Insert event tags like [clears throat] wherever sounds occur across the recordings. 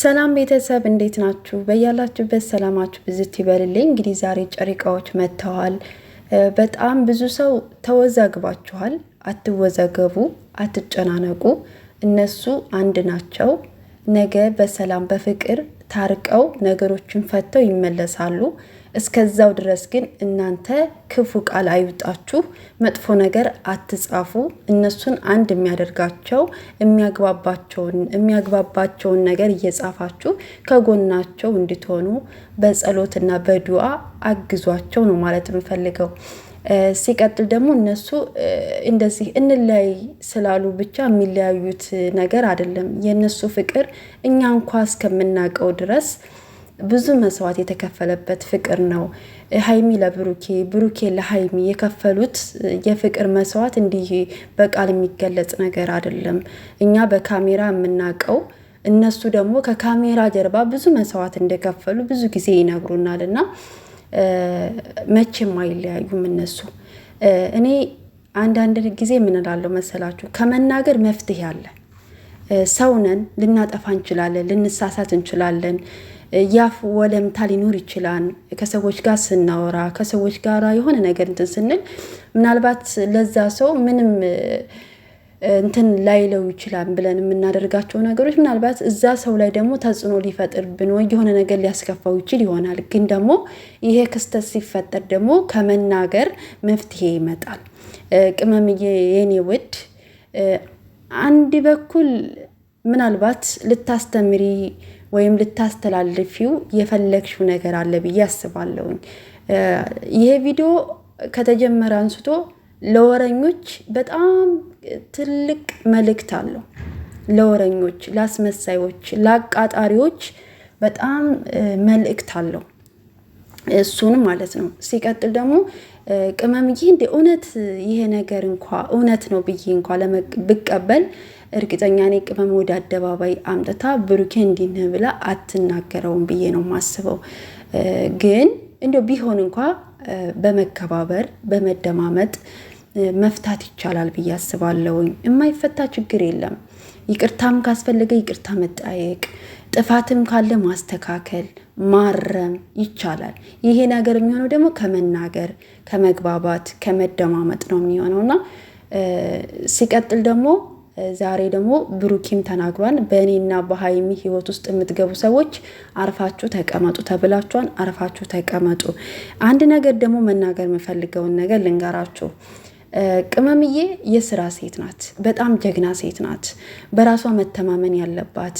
ሰላም ቤተሰብ እንዴት ናችሁ? በያላችሁበት ሰላማችሁ ብዝት ይበልልኝ። እንግዲህ ዛሬ ጨሪቃዎች መጥተዋል። በጣም ብዙ ሰው ተወዛግባችኋል። አትወዛገቡ፣ አትጨናነቁ። እነሱ አንድ ናቸው። ነገ በሰላም በፍቅር ታርቀው ነገሮችን ፈተው ይመለሳሉ። እስከዛው ድረስ ግን እናንተ ክፉ ቃል አይውጣችሁ፣ መጥፎ ነገር አትጻፉ። እነሱን አንድ የሚያደርጋቸው የሚያግባባቸውን ነገር እየጻፋችሁ ከጎናቸው እንድትሆኑ በጸሎትና በዱዓ አግዟቸው ነው ማለት የምፈልገው። ሲቀጥል ደግሞ እነሱ እንደዚህ እንለያይ ስላሉ ብቻ የሚለያዩት ነገር አይደለም። የእነሱ ፍቅር እኛ እንኳ እስከምናውቀው ድረስ ብዙ መስዋዕት የተከፈለበት ፍቅር ነው። ሀይሚ ለብሩኬ፣ ብሩኬ ለሀይሚ የከፈሉት የፍቅር መስዋዕት እንዲህ በቃል የሚገለጽ ነገር አይደለም። እኛ በካሜራ የምናውቀው እነሱ ደግሞ ከካሜራ ጀርባ ብዙ መስዋዕት እንደከፈሉ ብዙ ጊዜ ይነግሩናል እና መቼም አይለያዩም እነሱ። እኔ አንዳንድ ጊዜ ምን እላለሁ መሰላችሁ ከመናገር መፍትሄ አለ። ሰውነን ልናጠፋ እንችላለን፣ ልንሳሳት እንችላለን። ያፍ ወለምታ ሊኖር ይችላል። ከሰዎች ጋር ስናወራ ከሰዎች ጋር የሆነ ነገር እንትን ስንል ምናልባት ለዛ ሰው ምንም እንትን ላይለው ይችላል ብለን የምናደርጋቸው ነገሮች ምናልባት እዛ ሰው ላይ ደግሞ ተጽዕኖ ሊፈጥርብን ወይ የሆነ ነገር ሊያስከፋው ይችል ይሆናል። ግን ደግሞ ይሄ ክስተት ሲፈጠር ደግሞ ከመናገር መፍትሄ ይመጣል። ቅመምዬ የኔ ውድ አንድ በኩል ምናልባት ልታስተምሪ ወይም ልታስተላልፊው የፈለግሽው ነገር አለ ብዬ አስባለሁኝ። ይሄ ቪዲዮ ከተጀመረ አንስቶ ለወረኞች በጣም ትልቅ መልእክት አለው። ለወረኞች፣ ለአስመሳዮች፣ ለአቃጣሪዎች በጣም መልእክት አለው። እሱንም ማለት ነው። ሲቀጥል ደግሞ ቅመምዬ እንደ እውነት ይሄ ነገር እንኳ እውነት ነው ብዬ እንኳ ብቀበል እርግጠኛ ኔ ቅመም ወደ አደባባይ አምጥታ ብሩኬ እንዲንህ ብላ አትናገረውም ብዬ ነው የማስበው ግን እንዲያው ቢሆን እንኳ በመከባበር በመደማመጥ መፍታት ይቻላል ብዬ አስባለሁኝ። የማይፈታ ችግር የለም። ይቅርታም ካስፈለገ ይቅርታ መጠያየቅ፣ ጥፋትም ካለ ማስተካከል፣ ማረም ይቻላል። ይሄ ነገር የሚሆነው ደግሞ ከመናገር፣ ከመግባባት፣ ከመደማመጥ ነው የሚሆነውና ሲቀጥል ደግሞ ዛሬ ደግሞ ብሩኪም ተናግሯል። በእኔና በሀይሚ ህይወት ውስጥ የምትገቡ ሰዎች አርፋችሁ ተቀመጡ ተብላችኋን፣ አርፋችሁ ተቀመጡ። አንድ ነገር ደግሞ መናገር የምፈልገውን ነገር ልንገራችሁ። ቅመምዬ የስራ ሴት ናት። በጣም ጀግና ሴት ናት። በራሷ መተማመን ያለባት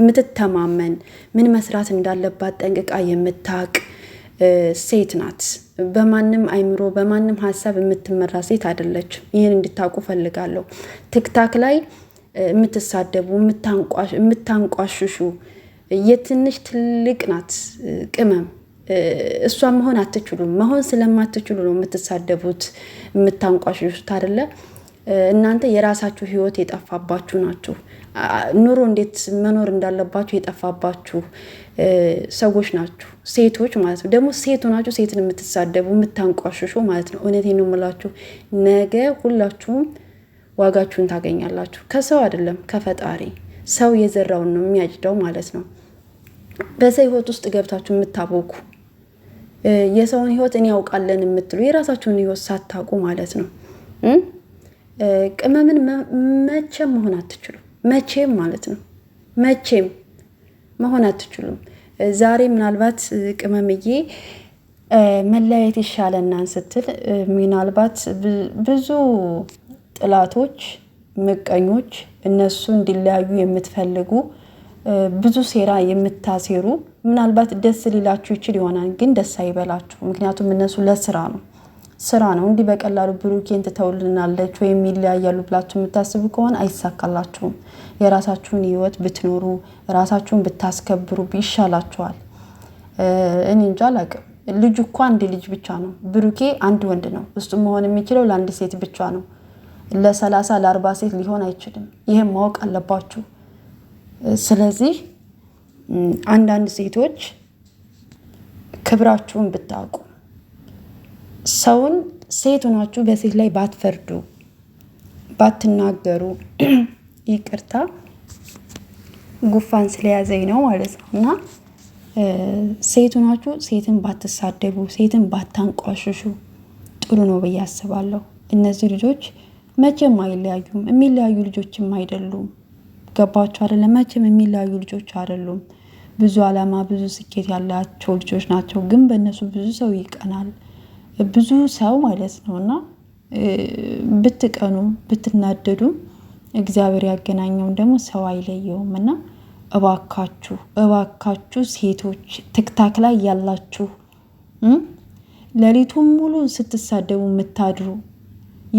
የምትተማመን ምን መስራት እንዳለባት ጠንቅቃ የምታውቅ ሴት ናት። በማንም አይምሮ በማንም ሀሳብ የምትመራ ሴት አይደለች ይህን እንድታውቁ ፈልጋለሁ። ትክታክ ላይ የምትሳደቡ የምታንቋሽሹ የትንሽ ትልቅ ናት ቅመም እሷ መሆን አትችሉም። መሆን ስለማትችሉ ነው የምትሳደቡት የምታንቋሽሹት አይደለ? እናንተ የራሳችሁ ህይወት የጠፋባችሁ ናችሁ። ኑሮ እንዴት መኖር እንዳለባችሁ የጠፋባችሁ ሰዎች ናችሁ፣ ሴቶች ማለት ነው። ደግሞ ሴቱ ናችሁ፣ ሴትን የምትሳደቡ የምታንቋሽሹ ማለት ነው። እውነት ነው የምላችሁ፣ ነገ ሁላችሁም ዋጋችሁን ታገኛላችሁ። ከሰው አይደለም ከፈጣሪ። ሰው የዘራውን ነው የሚያጭደው ማለት ነው። በሰው ህይወት ውስጥ ገብታችሁ የምታቦኩ የሰውን ህይወት እኔ ያውቃለን የምትሉ የራሳችሁን ህይወት ሳታውቁ ማለት ነው። ቅመምን መቼም መሆን አትችሉ። መቼም ማለት ነው መቼም መሆን አትችሉም። ዛሬ ምናልባት ቅመምዬ መለያየት ይሻለናን ስትል ምናልባት ብዙ ጥላቶች፣ ምቀኞች፣ እነሱ እንዲለያዩ የምትፈልጉ ብዙ ሴራ የምታሴሩ ምናልባት ደስ ሊላችሁ ይችል ይሆናል፣ ግን ደስ አይበላችሁ። ምክንያቱም እነሱ ለስራ ነው ስራ ነው። እንዲህ በቀላሉ ብሩኬን ትተውልናለች ወይም ይለያያሉ ብላችሁ የምታስቡ ከሆነ አይሳካላችሁም። የራሳችሁን ህይወት ብትኖሩ ራሳችሁን ብታስከብሩ ይሻላችኋል። እኔ እንጃ አላቅም። ልጁ እኮ አንድ ልጅ ብቻ ነው። ብሩኬ አንድ ወንድ ነው። እሱ መሆን የሚችለው ለአንድ ሴት ብቻ ነው። ለሰላሳ ለአርባ ሴት ሊሆን አይችልም። ይህም ማወቅ አለባችሁ። ስለዚህ አንዳንድ ሴቶች ክብራችሁን ብታውቁ ሰውን ሴት ሆናችሁ በሴት ላይ ባትፈርዱ ባትናገሩ። [clears throat] ይቅርታ ጉፋን ስለያዘኝ ነው ማለት ነው። እና ሴት ሆናችሁ ሴትን ባትሳደቡ፣ ሴትን ባታንቋሽሹ ጥሩ ነው ብዬ አስባለሁ። እነዚህ ልጆች መቼም አይለያዩም። የሚለያዩ ልጆችም አይደሉም። ገባችሁ አይደለ? መቼም የሚለያዩ ልጆች አይደሉም። ብዙ አላማ ብዙ ስኬት ያላቸው ልጆች ናቸው። ግን በእነሱ ብዙ ሰው ይቀናል። ብዙ ሰው ማለት ነው እና ብትቀኑም ብትናደዱም እግዚአብሔር ያገናኘውን ደግሞ ሰው አይለየውም እና እባካችሁ እባካችሁ ሴቶች ትክታክ ላይ ያላችሁ ሌሊቱን ሙሉ ስትሳደቡ የምታድሩ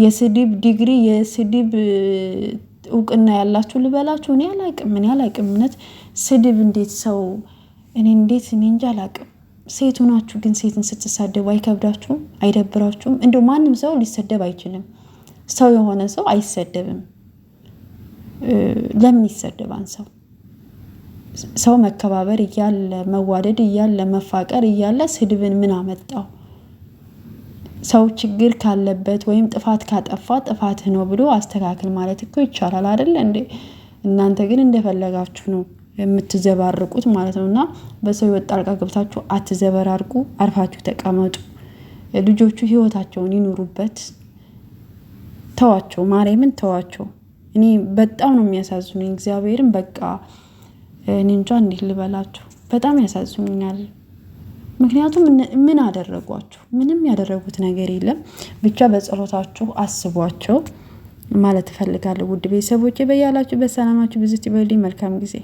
የስድብ ዲግሪ የስድብ እውቅና ያላችሁ ልበላችሁ። እኔ አላቅም እኔ አላቅም። እውነት ስድብ እንዴት ሰው እኔ እንዴት እኔ እንጃ አላቅም። ሴት ሆናችሁ ግን ሴትን ስትሳደቡ አይከብዳችሁም? አይደብራችሁም? እንደው ማንም ሰው ሊሰደብ አይችልም። ሰው የሆነ ሰው አይሰደብም። ለምን ይሰደባን? ሰው ሰው መከባበር እያለ መዋደድ እያለ መፋቀር እያለ ስድብን ምን አመጣው? ሰው ችግር ካለበት ወይም ጥፋት ካጠፋ ጥፋትህ ነው ብሎ አስተካክል ማለት እኮ ይቻላል አይደለ እንዴ? እናንተ ግን እንደፈለጋችሁ ነው። የምትዘባርቁት ማለት ነው። እና በሰው ህይወት ጣልቃ ገብታችሁ አትዘበራርቁ፣ አርፋችሁ ተቀመጡ። ልጆቹ ህይወታቸውን ይኑሩበት። ተዋቸው፣ ማርያምን ተዋቸው። እኔ በጣም ነው የሚያሳዝኑኝ። እግዚአብሔርን በቃ እኔ እንጃ እንዴት ልበላችሁ፣ በጣም ያሳዝኑኛል። ምክንያቱም ምን አደረጓችሁ? ምንም ያደረጉት ነገር የለም። ብቻ በጸሎታችሁ አስቧቸው ማለት እፈልጋለሁ። ውድ ቤተሰቦቼ በያላችሁ በሰላማችሁ ብዙ ይበልኝ። መልካም ጊዜ